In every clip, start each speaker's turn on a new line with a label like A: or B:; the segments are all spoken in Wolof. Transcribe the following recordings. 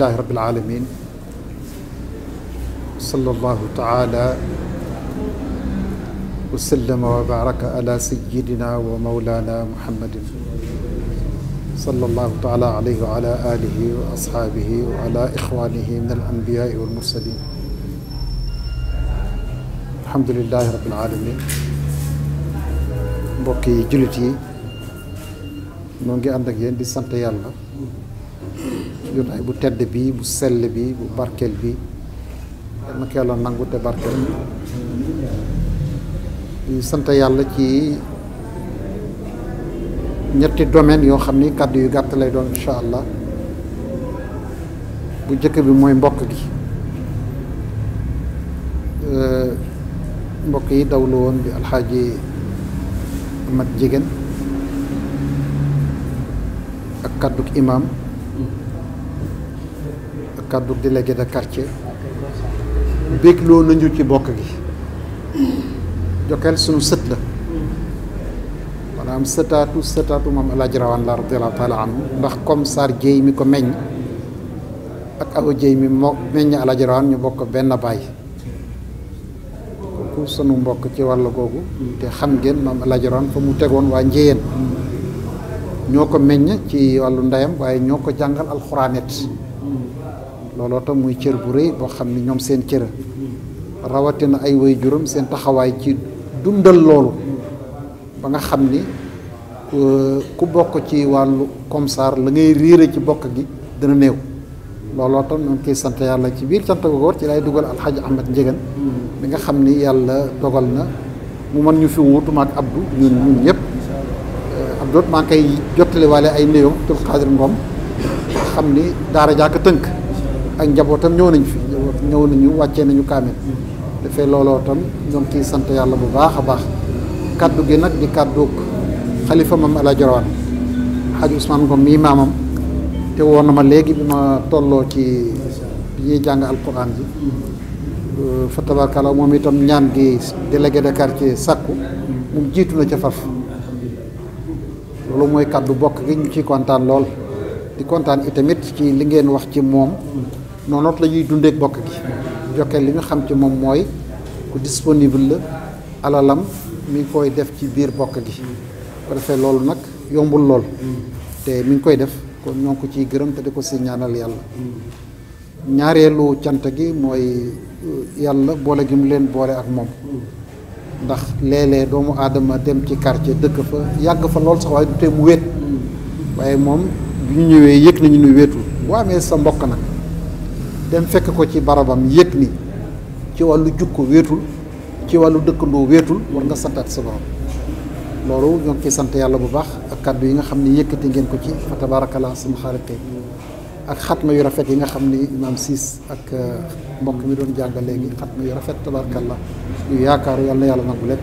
A: لله رب العالمين صلى الله تعالى وسلم وبارك على سيدنا ومولانا محمد صلى الله تعالى عليه وعلى آله وأصحابه وعلى إخوانه من الأنبياء والمرسلين الحمد لله رب العالمين بوكي جلتي نونجي عندك يندي سنتي الله jotaay bu tedd bi bu sell bi bu barkeel bi dana ko yàlla nangu te barkeel di sant yàlla ci ñetti domaine yoo xam ni kàddu yu gàtt lay doon incha allah bu njëkk bi mooy mbokk gi euh, mbokk yi dawlu woon bi alxaaji amat jigéen ak kàdduk imaam kàddu délégué de quartier bégloo nañu ci bokk gi Jokal sunu sët la maanaam sëtaatu sëtaatu moom El Hadj Rawane la radiyallahu taala anhu ndax comme Sarr Dieye mi ko meññ ak Awa Dieye mi moo meññ El ñu bokk benn baay kooku sunu mbokk ci wàll googu te xam ngeen moom El fa mu tegoon waa Njéyeen ñoo ko meññ ci wàllu ndeyam waaye ñoo ko jàngal alxuraanet looloo tam muy cër bu rëy boo xam ni ñoom seen cër rawatina ay way juróom seen taxawaay ci dundal loolu ba nga xam ni euh, ku bokk ci wàllu komsaar la ngay riire ci bokk gi dina néew looloo tam ñoo koy sant yàlla ci biir cant googu ci lay dugal alxaji ahmed njegen bi xam ni yàlla dogal na mu mën ñu fi wuutu maak abdu ñun ñun ñëpp euh, abdoot maa koy jottali ay néew tul xaadir ngoom xam ni daara jàkk tënk ak njabootam ñëw nañ fi njaboot ñëw nañu wàccee nañu kaamil dafay looloo tam ñoo ngi sant yàlla bu baax a baax kàddu gi nag di kadduug xalifa mam ala jorawaan xaaj Ousmane Ngom mii maamam te woon na ma léegi bi ma tolloo ci bi ñuy jàng alquran ji euh, fa tabarkala moom itam ñaan gi délégué de quartier sàkku moom jiitu na ca faf loolu mooy kàddu bokk gi ñu kontaan lool di kontaan itamit ci li ngeen wax ci moom noonoot la ñuy dundeek bokk gi Jokal li ñu xam ci moom mooy ku disponible la alalam mi ngi koy def ci biir bokk gi ko loolu nag yombul lool te mi ngi koy def kon ñoo ciy gërëm te di ko si ñaanal yàlla ñaareelu cant gi mooy uh, yàlla boole gi mu leen boole ak moom ndax léeg doomu aadama dem ci quartier dëkk fa yàgg fa lool sax waaye du tee mu wéet waaye moom bu ñu ñëwee yëg nañu nu wéetul boo amee sa mbokk nag dem fekk ko ci barabam yek ni ci walu jukku wetul ci wàllu dëkkandoo wetul war nga santat sa borom lolu ñoo ngi ciy sant yàlla bu baax ak kaddu yi nga xamni yekati ngeen ko ci fa tabarakallah ak khatma yu rafet yi nga xamni imam sis ak euh, mbokk mi doon jangal legi khatma yu rafet tabarakallah yu yaakaaru yalla na yàlla lepp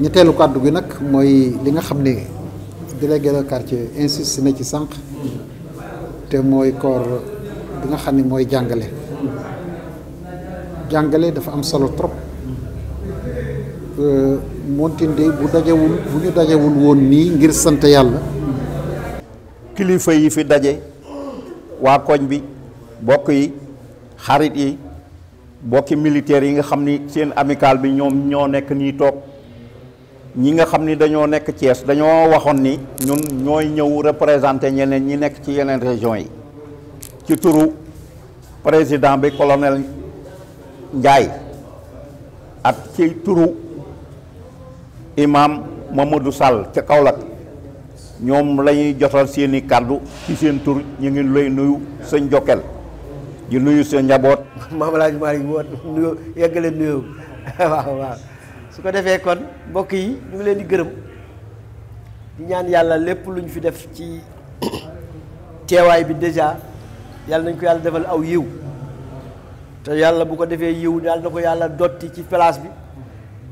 A: ñi telu kaddu gi nak moy li nga xamni délégué le quartier insiste na ci sank té moy bi nga xam ni mooy jàngale jàngale dafa am solo trop euh, Montinde bu dajewul bu ñu dajewul woon nii ngir sant yàlla
B: kilifa yi fi daje waa koñ bi bokk yi xarit yi bokki militaires yi nga xam ni seen amical bi ñoom ñoo nekk nii toog ñi nga xam ni dañoo nekk Thiès dañoo waxoon ni ñun ñooy ñëw représenter ñeneen ñi nekk ci yeneen région yi ci turu président bi colonel njaay ak ci turu imam Mamadou Sall ca Kaolack ñoom lañuy jotal seeni kàddu ci seen tur ñu ngi lay nuyu sëñ Jokkel di nuyu seen
C: njaboot. maam laaj maa ngi woon nuyu yeggale nuyu waaw waaw su ko defee kon mbokk yi ñu ngi leen di gërëm di ñaan yàlla lépp lu ñu fi def ci teewaay bi déjà. Yalla nañ ko yalla defal aw yiw te yalla bu ko defé yiw dal nako yalla yàlla dotti ci place bi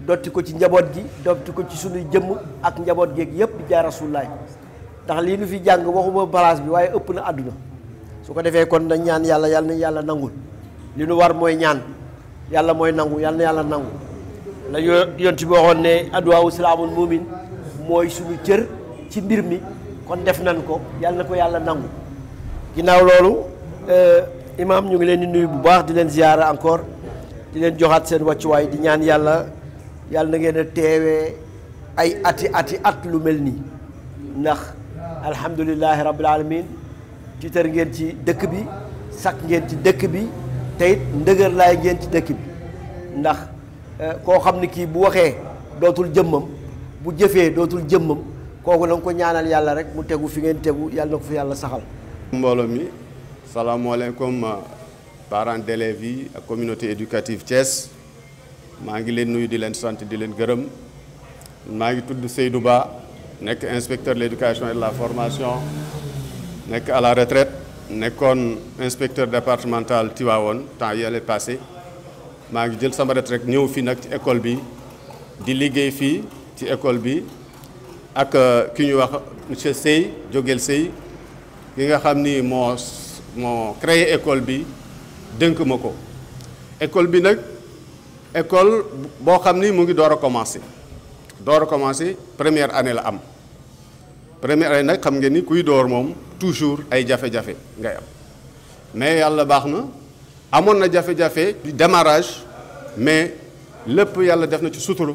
C: dotti ko ci njabot gi dotti ko ci sunu jëm ak gi ak yépp ja jaay ndax lii nu fi jàng waxuma place bi waye ëpp na aduna su ko defé kon dañ ñaan yalla yalla na yalla nangul li nu war moy ñaan yalla nangun nangul yalla na yàlla nangu la yonti bo xone adwa adwaawu mu'min moy sunu cër ci mbir mi kon def nan ko yalla nako yalla nangul ginaaw lolou Euh, imaam ñu ngi leen di nuyu bu baax di leen ziyaara encore di leen joxaat seen wàccuwaay di ñaan yàlla yàlla na ngeen a teewee ay ati ati at lu mel nii ndax alhamdulilahi rabbil alamin ci ngeen ci dëkk bi sakk ngeen ci dëkk bi teyit ndëgër laay ngeen ci dëkk bi ndax euh, koo xam ne kii bu waxee dootul jëmmam bu jëfee dootul jëmmam kooku na nga ko ñaanal yàlla rek mu tegu fi ngeen tegu yàlla na ko fi yàlla saxal
B: mbooloo mi salaamaaleykum euh, parents d'élèves communauté éducative Thiès maa ngi leen nuyu di leen de di leen gërëm maa ngi tudd Seydou inspecteur de l'éducation et de la formation nekk à la retraite nekkoon inspecteur départemental tant temps est passé maa ngi jël la retraite ñëw fii nag ci école bi di liggéey fii ci école bi ak euh, ki ñuy wax monsieur Sey Diogel Sey ki nga xam ni moo créé école bi dénk mako école bi nak école bo xamni mo ngi door commencer commencé commencer commencé première année la am première année nak xam ngeen ni kuy door mom toujours ay jafé jafé ngay am mais yalla baxna na na jafé jafé du démarrage mais lepp yalla def na ci suturu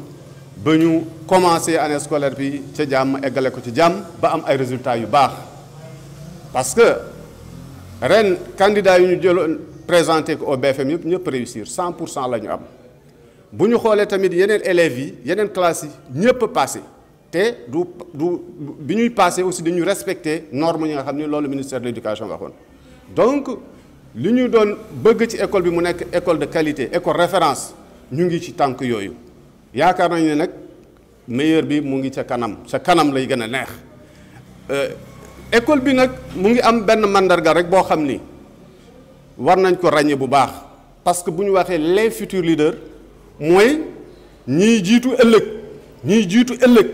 B: ba ñu commencé année scolaire bi ci jam égalé ko ci jam ba am ay résultats yu bax parce que ren candidat ñu jëloon présenté au BFM yëpp ñëpp réussir 100 pour la ñu am bu ñu xoolee tamit yeneen élèves yi yeneen classes yi ñëpp passer. te du du bi ñuy passé aussi dañu respecter normes yi nga xam le ministère de l'éducation waxoon donc li ñu doon bëgg ci école bi mu nekk école de qualité école référence ñu ngi ci tànk yooyu yaakaar nañu ne nag meilleur bi mu ngi ca kanam ca kanam lay gëna neex euh école bi nag mu ngi am benn mandarga rek boo xam ni war nañ ko ràññee bu baax parce que bu ñu waxee les futurs leaders mooy ñiy jiitu ëllëg ñiy jiitu ëllëg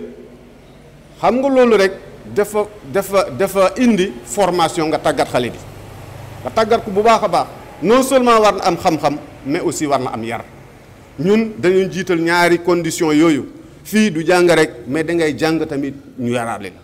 B: xam nga loolu rek dafa dafa dafa indi formation nga tàggat xale bi nga tàggat ko bu baax a baax non seulement war na am xam-xam mais aussi war na am yar ñun dañuy jiital ñaari conditions yooyu fii du jàng rek mais da ngay jàng tamit ñu yaraale la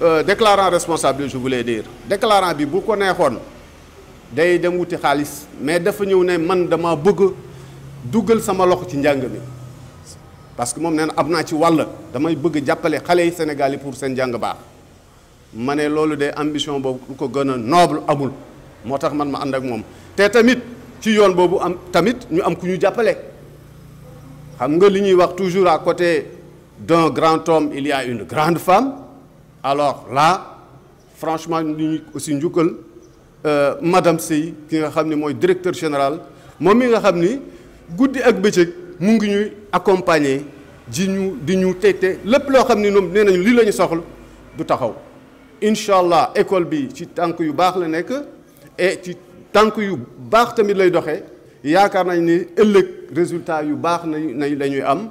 B: Euh, déclarant responsable je voulais dire déclarant bi bu ko neexoon day dem wuti mais dafa ñëw ne man dama bëgg duggal sama loxo ci njàng parce que moom nee na am naa ci wàll damay bëgg jàppale xale yi Sénégal pour seen njàng baax ma ne loolu de ambition boobu lu ko gën a noble amul moo tax man ma ànd ak moom tamit ci yoon bobu am tamit ñu am ku ñu jappalé xam nga li ñuy wax toujours à côté d'un grand homme il y a une grande femme alors la franchement ñu ngi aussi njukkal euh, madame Sey ki nga xam ne directeur général moom mi nga xam ni guddi ak bëccëg mu ngi ñuy accompagner ji ñu di ñu tey tey lépp loo xam ne ñoom du taxaw incha école bi ci tànk yu baax la nekk et ci tànk yu baax tamit lay doxee yaakaar nañ ni ëllëg résultat yu baax nañ la ñuy am.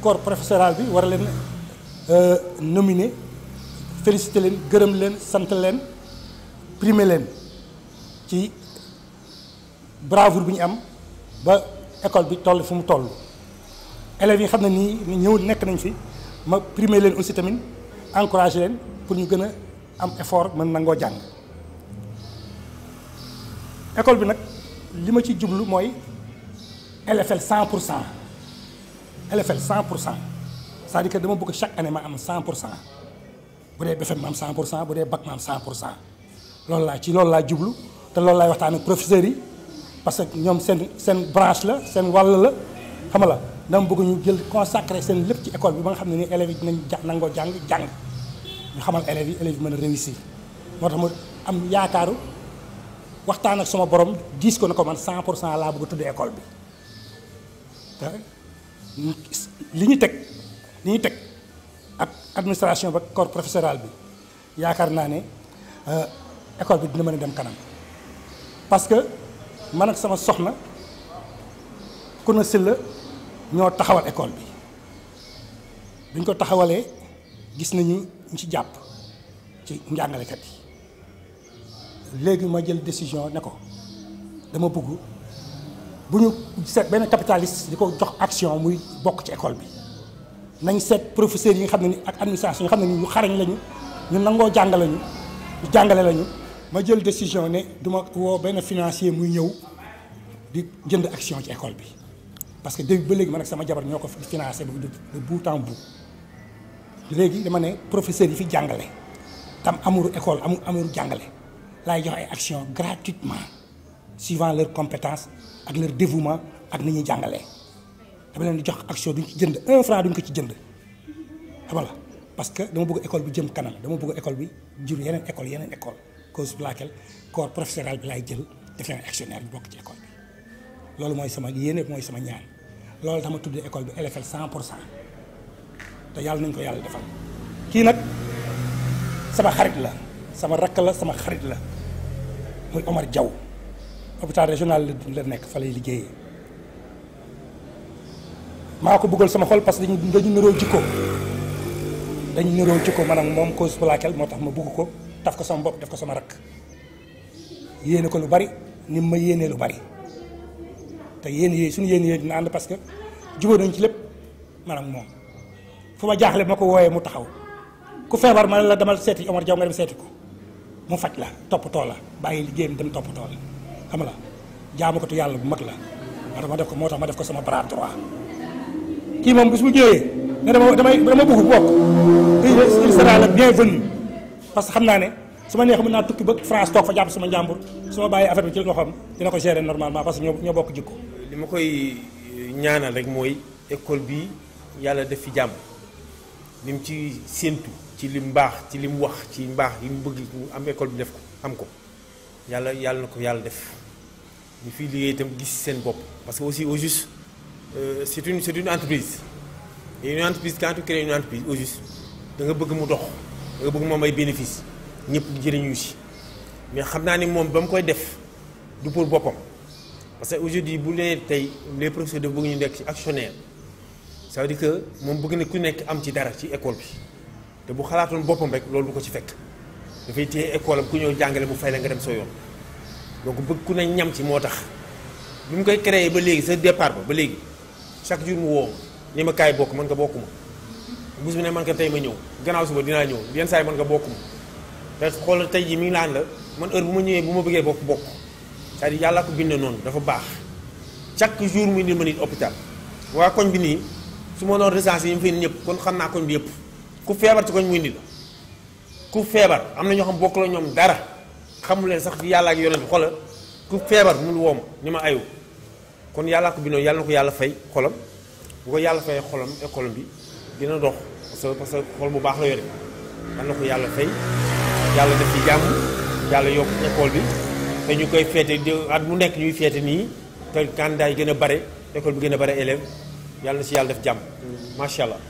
D: corps professoral bi war a leen euh, nominer féliciter leen gërëm leen sant leen primer leen ci bravoure bi ñu am ba école bi toll fi mu toll élèves yi xam ne nii ñëw nekk nañ fi ma prime leen aussi tamit encourager leen pour ñu gën a am effort mën nangoo jàng école bi nag li ma ci jublu mooy LFL 100 pour 100 LFL 100 pour cent c'est-à-dire que dama bëgg chaque année ma am 100 pour cent bu dee BFEM ma am 100 cent bu dee BAC ma am 100 pour cent loolu laa ci loolu laa jublu te loolu laay waxtaan ak professeurs yi parce que ñoom seen seen branche la seen wàll la xam la dama bëgg ñu jël consacré seen lépp ci école bi ba nga xam ne ni élèves yi dinañ nangoo jàng jàng ñu xamal élèves yi élèves yi mën a réussir moo tax ma am yaakaaru waxtaan ak suma borom diis ko ne ko man 100 pour cent laa bëgg tudd école bi li ñu teg li ñu teg ak administration ba corps bi yaakaar naa ne euh, école bi dina mën a dem kanam parce que man ak sama soxna ku na silla ñoo taxawal école bi bi ñu ko taxawalee gis nañu ñu ci jàpp ci njàngalekat yi léegi ma jël décision ne ko dama bëgg bu ñu seet benn capitaliste di ko jox action muy bokk ci école bi nañ seet professeurs yi nga xam ne ni ak administration yi nga xam ne ni ñu xarañ lañu ñu nangoo jàngale ñu jàngale lañu ma jël décision ne duma woo benn financier muy ñëw di jënd action ci école bi parce que début ba léegi man ak sama jabar ñoo ko financé ba de bout en bout léegi dama ne professeurs yi fi jàngale tam amuru école amul amuru jàngale laay jox ay action gratuitement suivant leurs compétences avec leur dévouement ak les ñuy jàngalee dama leen di jox action duñ ci jënd un franc duñ ko ci jënd xam ah, la parce que dama bëgg école bi jëm canal. dama bëgg école bi jur yeneen école yeneen école cause pour laquelle corps professoral bi laay jël def actionnaire de bokk ci école bi loolu mooy sama yéene mooy sama ñaan loolu de tuddee école bi LFL 100 pour cent te yàlla nañ ko yàlla defal kii nag sama xarit la sama rakk la sama xarit la muy Omar Diaw hôpital régional la nekk fa lay liggéeyee maa ko buggal sama xol parce que dañu dañu niroo jikko dañu niroo jikko maanaam moom cause pour laquelle moo tax ma bugg ko taf ko sama bopp def ko sama rakk yéene ko lu bari ni ma yéenee lu bari te yéen yooyu suñu yéen yooyu dina ànd parce que jubóo nañ ci lépp maanaam moom fu ma jaaxle ma ko wooyee mu taxaw ku feebar ma la demal seeti Omar Diaw nga dem seeti ko mu faj la toppatoo la bàyyi liggéeyam dem toppatoo la. xam la jaamukatu yàlla bu mag la moo tax ma def ko moo tax ma def ko sama bras droit kii moom su bu ñëwee ne dama damay dama bëgg bokk il sera le bienvenu parce que xam naa ne
E: su ma neex mën naa tukki ba France toog fa jàpp sama njàmbur su ma bàyyi affaire bi ci loxoom dina ko gérer normalement parce que ñoo ñoo bokk jikko li ma koy euh, ñaanal rek mooy école bi yàlla def fi jàmm lim ci séentu ci lim baax ci lim wax ci mbaax yi mu bëgg am école def ko am ko yalla yalla nako yalla def ni fi liguey tam gis sen bop parce que aussi au juste euh, c' est une c'est une entreprise et une entreprise quand tu crées une entreprise au juste da nga bëgg mu dox da nga bëgg mo may bénéfice ñëpp jëriñu si mais xamna ni mom bam koy def du pour bopam parce que aujourd'hui bu nee tay les professeurs de bëgg ñu nekk ci actionnaire ça veut dire que mom bëgg ne ku nek am ci dara ci école bi te bu xalaatun bopam rek loolu bu ko ci fekk dafay téye école am ku ñëw jàngale mu fay la nga dem soo yoon donc bëgg ku ne ñam ci moo tax bi mu koy créé ba léegi sa départ ba ba léegi chaque jour mu woo ni ma kaay bokk man nga bokkuma bés bu ne man nga tey ma ñëw gannaaw suba dinaa ñëw yenn saa yi man nga bokkuma te jii mi ngi naan la man heure bu ma ñëwee bu ma bëggee bokk bokk cest yàlla ko bind noonu dafa baax chaque jour mu indil ma nit hôpital waa koñ bi nii su ma doon recensé yi mu fi ñëpp kon xam naa koñ bi yëpp ku feebar ci koñ mu indi la ku feebar am na ñoo xam bokk la ñoom dara xamuleen sax ci yàlla ak yonent bi xoolal ku feebar mun woom ni ma ayu kon yàllaa ko bindoo yàlla ko yàlla fay xolam bu ko yàlla fay xolam école bi dina dox parce parce que xol bu baax la yore man na ko yàlla fay yàlla def ci jàmm yàlla yokk école bi te ñu koy feete at mu nekk ñuy feete nii te candidat gën a bare école bi gën a bare élève yàlla na si yàlla def jàmm macha allah.